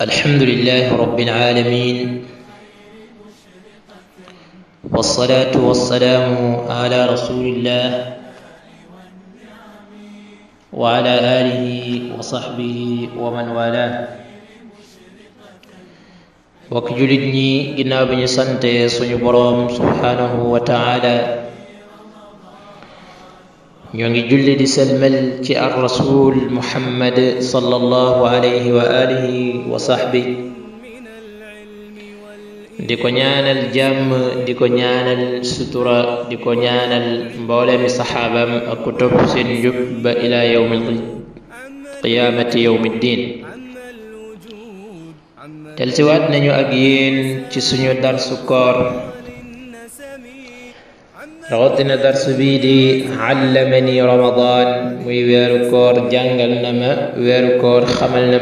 الحمد لله رب العالمين والصلاة والسلام على رسول الله وعلى آله وصحبه ومن والاه وكجلدني جناب سنتي سنبرم سبحانه وتعالى ñoo ngi julli di salmal ci ar rasul muhammad sallallahu alayhi wa wa sahbi di ko ñaanal jàmm di ko ñaanal sutura di ko ñaanal mboolemi saxaabam ak ku topp seen njub ba ila yawmi qiyaamati yawmi diin tel siwaat nañu ak ci suñu darsu koor rawatina darsu bii di allamani ramadaan muy weeru koor jàngal na ma weeru koor xamal na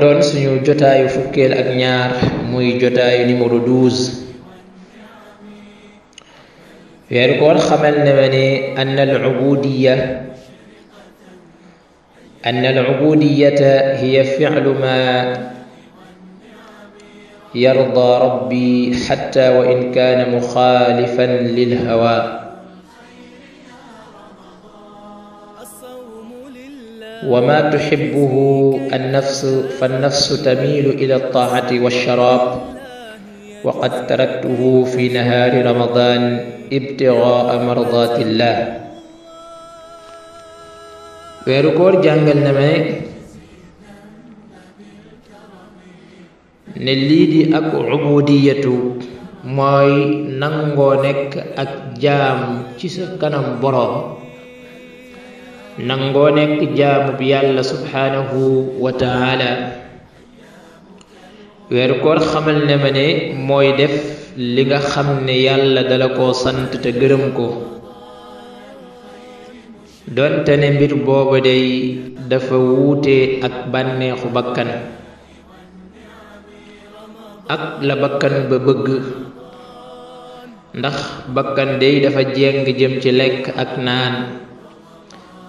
doon suñu jotaayu fukkeel ak ñaar muy jotaayu numéro 12 weeru koor xamal na al ubudiya ann al ubudiyata hiya filu ma yarda rabbi xatta wa in kaana muxaalifan lil hawa wa ma tuxibbuhu annafsu fannafsu tamiilu ila taacati washaraab wa qad taraktuhu fi nahaari ramadaan ibtigaa mardaatillaah weeru koor jàngal na ma ne lii di ak ubudiyatu mooy nangoo nekk ak jaam ci sa kanam boroom nangoo nekk jaamu bi yàlla subhaanahu wa taala weeru koor xamal ne ma ne mooy def li nga xam ne yàlla dala ko sant te gërëm ko donte ne mbir booba day dafa wuute ak bànneexu bakkan ak la bakkan ba bëgg ndax bakkan dey dafa jeng jëm ci lekk ak naan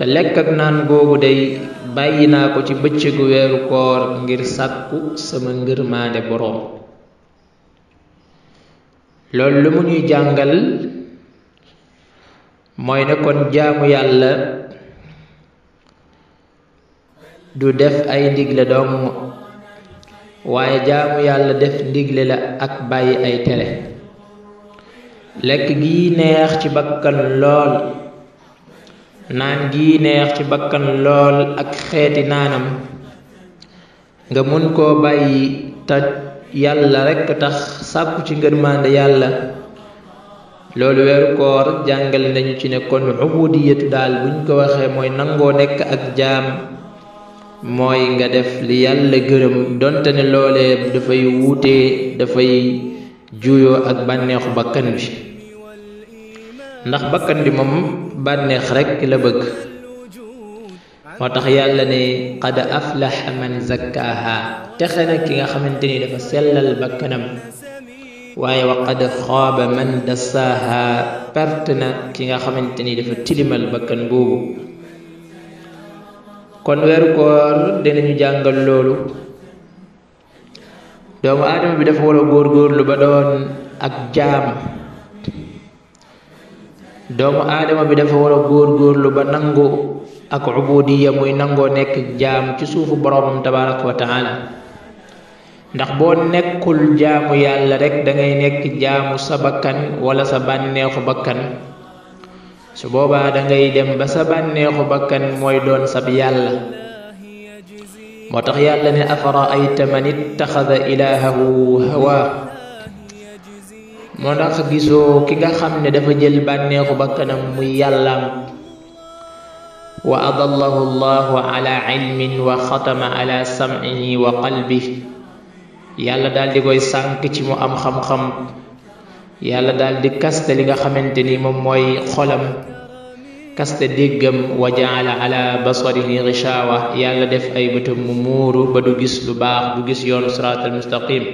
te lekk ak naan boobu dey bàyyi naa ko ci bëccëgu weeru koor ngir sàkku sama ngërmaande boroom loolu lu mu ñuy jàngal mooy ne kon jaamu yàlla du def ay ndigle dong waaye jaamu yàlla def ndigle la ak bàyyi ay tere lekk gi neex ci bakkan lool naan gii neex ci bakkan lool ak xeeti naanam nga mën koo bàyyi te yàlla rekk tax sàkku ci ngërmaande yàlla loolu weeru koor jàngale nañu ci ne kon ubudiyatu daal buñ ko waxee mooy nangoo nekk ak jaam mooy nga def li yàlla gërëm donte ne loolee dafay wuute dafay juyoo ak bànneexu bakkan bi ndax bakkan bi moom bànneex rekk la bëgg moo tax yàlla ne qad aflaha man zakkaaha texe na ki nga xamante ni dafa sellal bakkanam waaye wa qad xaaba man dassaaha perte na ki nga xamante ni dafa tilimal bakkan boobu kon weeru koor dinañu jàngal loolu doomu aadama bi dafa wala góorgóorlu ba doon ak jaam doomu aadama bi dafa wala góorgóorlu ba nangu ak ubudiya muy nangoo nekk jaam ci suufu boroomam tabaraka wa taala ndax boo nekkul jaamu yàlla rekk dangay nekk jaamu sa bakkan wala sa bànneexu bakkan su boobaa da ngay dem ba sa bànneexu bakkan mooy doon sab yàlla moo tax yàlla ne afaraayta man ittaxada ilaahahu hawaa moo tax gisoo ki nga xam ne dafa jël bànneexu bakkanam muy yàllaam wa adallahu allahu ala ilmin wa xatama ala wa qalbi yàlla daal di koy sànk ci mu am xam-xam yàlla daal di kaste li nga xamante ni moom mooy xolam kaste déggam wa jaala ala basarihi gishawa yàlla def ay bëtam mu muuru ba du gis lu baax bu gis yoonu siraatal mustaqim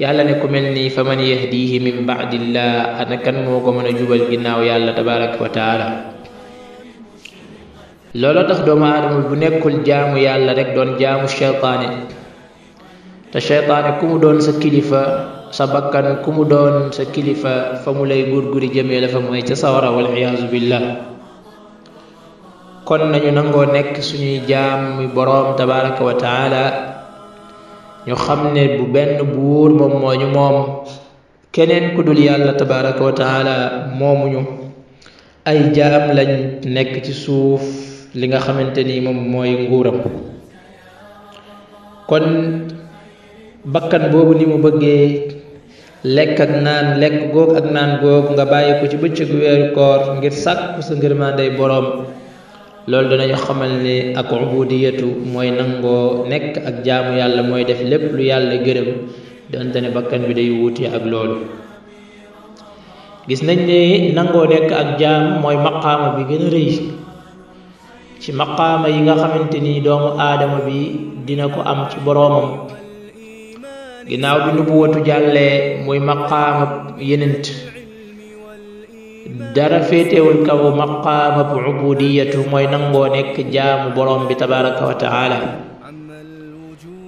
yàlla ne ku mel nii fa man yahdihi min baadillah ana kan moo ko mën a jubal ginnaaw yàlla tabaraka wa taala looloo tax doomu bu nekkul jaamu yàlla rek doon jaamu cheytaane te cheytaane ku mu doon sa kilifa sa bakkan ku mu doon sa kilifa fa mu lay gurguri jëmee la fa mooy ca sawara wal iyaazu billah kon nañu nangoo nekk suñuy jaam mi boroom tabaraka wa ñu xam ne bu benn buur moom moo ñu moom keneen ku dul yàlla tabaraka wa moomuñu ay jaam lañ nekk ci suuf li nga xamante ni moom mooy nguuram kon bakkan boobu ni mu bëggee lekk ak naan lekk góog ak naan góog nga bàyyi ko ci bëccëg weeru koor ngir sàkku sa ngërmandey boroom loolu danañu xamal ni ak ubudiyatu mooy nangoo nekk ak jaamu yàlla mooy def lépp lu yàlla gërëm donte ne bakkan bi day wuute ak loolu nañ ne nangoo nekk ak jaam mooy maqaama bi gën a rëy ci maqaama yi nga xamante ni doomu aadama bi dina ko am ci boroomam ginnaaw bi nubuwatu jàllee muy maqaamab yenent dara féetewul kaw maqaamab ubudiyatu mooy nangoo nekk jaamu borom bi tabaraka wa taala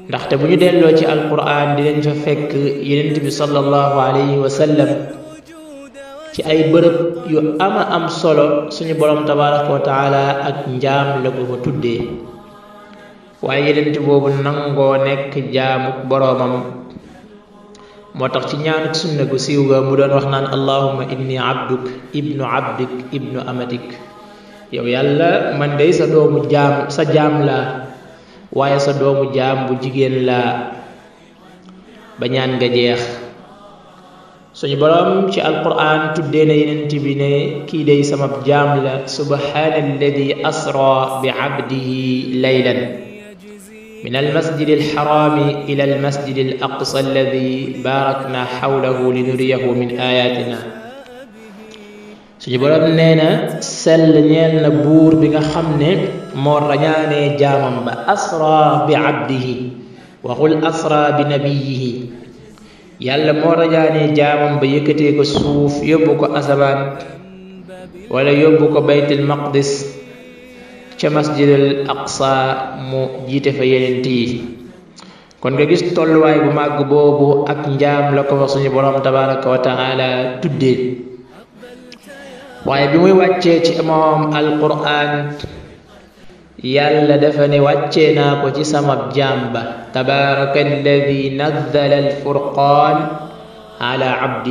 ndaxte bu ñu delloo ci alquran dinañ fa fekk yenent bi sallallahu alayhi wa ci ay bërëb yu ama am solo suñu borom tabaraka wa taala ak njaam la ko tuddee waaye yenent boobu nangoo nekk jaamu boroomam moo tax ci ñaanuk sunna gu siiw ga mu doon wax naan allahumma inni abduk ibnu abdik ibnu amatik yow yàlla man dey sa doomu jaam sa jaam la waaye sa doomu jaam bu jigéen la ba ñaan nga jeex suñu boroom ci alquran tuddee na yenent bi ne kii dey sama jaam la subhaana alladi asra bi abdihi laylan min almasjidi alxaraami ila almasjidi alaqsa alladi baarakna xawlahu linuriyahu min ayatina suñu boroom nee na sell ñeel na buur bi nga xam ne moo rañaanee jaamam ba asra bi abdihi waxul asra bi nabiyihi yàlla moo rañaanee jaamam ba yëkkatee ko suuf yóbbu ko asamaan wala yóbbu ko baytul maqdis ca masjidal aqsa mu jiite fa yenent yi kon nga gis tolluwaay bu màgg boobu ak njaam la ko suñu borom tabaraka wa tuddee waaye bi muy wàccee ci moom alquran yàlla dafa ne wàccee naa ko ci sama jaam ba tabaraka alladi nazzala alfurqaan ala ak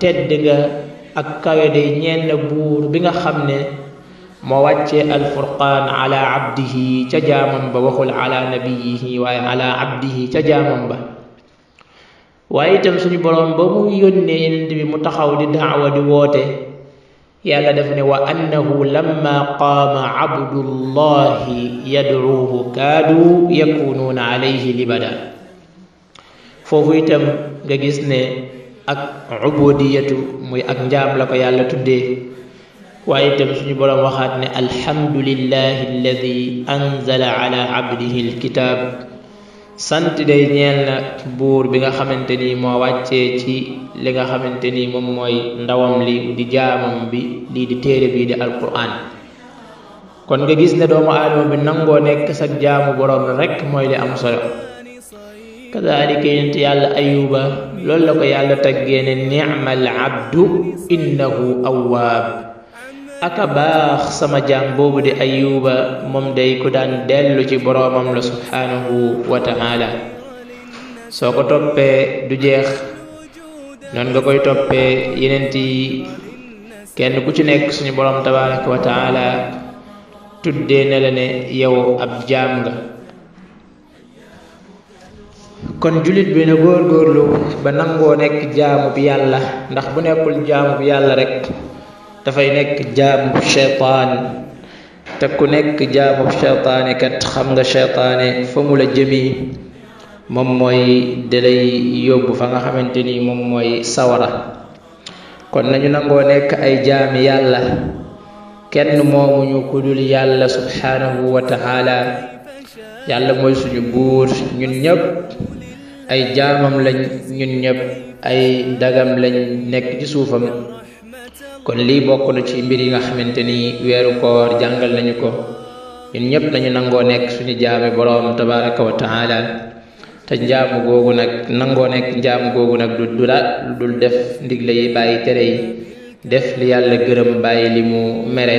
tedd nga ak kawe de ñeen buur bi nga xam ne moo wàccee alfurqaan ala abdihi ca jaamam ba waxul ala nabiyihi waaye ala abdihi ca jaamam ba waaye itam suñu boroom ba mu yónnee yenent bi mu taxaw di daawa di woote yàlla def ne wa annahu lamma qaama abdullahi yadcuuhu kaadu yakunuuna alayhi libada foofu itam nga gis ne ak ubudiyatu muy ak njaam la ko yàlla tuddee waaye itam suñu boroom waxaat ne alhamdulillahi alladi anzala ala abdihi alkitab sant day ñeel na buur bi nga xamante ni moo wàccee ci li nga xamante ni moom mooy ndawam li di jaamam bi lii di téere bii di alquran kon nga gis ne doomu aadama bi nangoo nekk sa jaamu boroom rekk mooy li am solo kadalika yent yàlla ayuba loolu la ko yàlla taggee ne ni'mal abdu innahu awwaab aka baax sama jaam boobu di ayuba moom day ku daan dellu ci boroomam la subhaanahu wa ta'ala soo ko toppee du jeex noonu nga koy toppee yeneen yi kenn ku ci nekk suñu borom tabaaraka wa ta'ala tuddee na la ne yow ab jaam nga kon jullit bi na góorgóorlu ba nangoo nekk jaamu yàlla ndax bu nekkul jaamu yàlla rek dafay nekk jaamu bu cheytaan te ku nekk jaamu bu cheytaane kat xam nga cheytaane fa mu la jëmi moom mooy dalay yóbbu fa nga xamante ni moom mooy sawara kon nañu nangoo nekk ay jaami yàlla kenn moomuñu ku dul yàlla subhaanahu wa yàlla mooy suñu buur ñun ñëpp ay jaamam lañ ñun ñëpp ay dagam lañ nekk ci suufam kon lii bokk na ci mbir yi nga xamante ni weeru koor jàngal nañu ko ñun ñëpp nañu nangoo nekk suñu jaame boroom tabaraka wa daal te njaamu googu nag nangoo nekk njaamu googu nag du du la dul def la yi bàyyi tere yi def li yàlla gërëm bàyyi li mu mere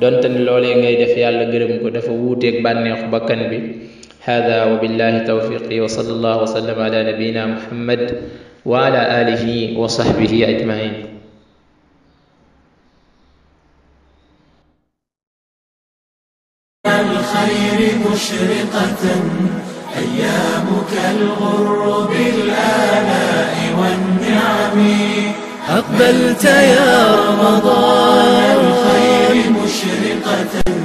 donte ni loolee ngay def yàlla gërëm ko dafa wuuteeg bànneexu bakkan bi هذا وبالله توفيقي وصلى الله وسلم على نبينا محمد وعلى آله وصحبه أجمعين الخير مشرقة أيامك الغر بالآلاء والنعم أقبلت يا رمضان الخير مشرقة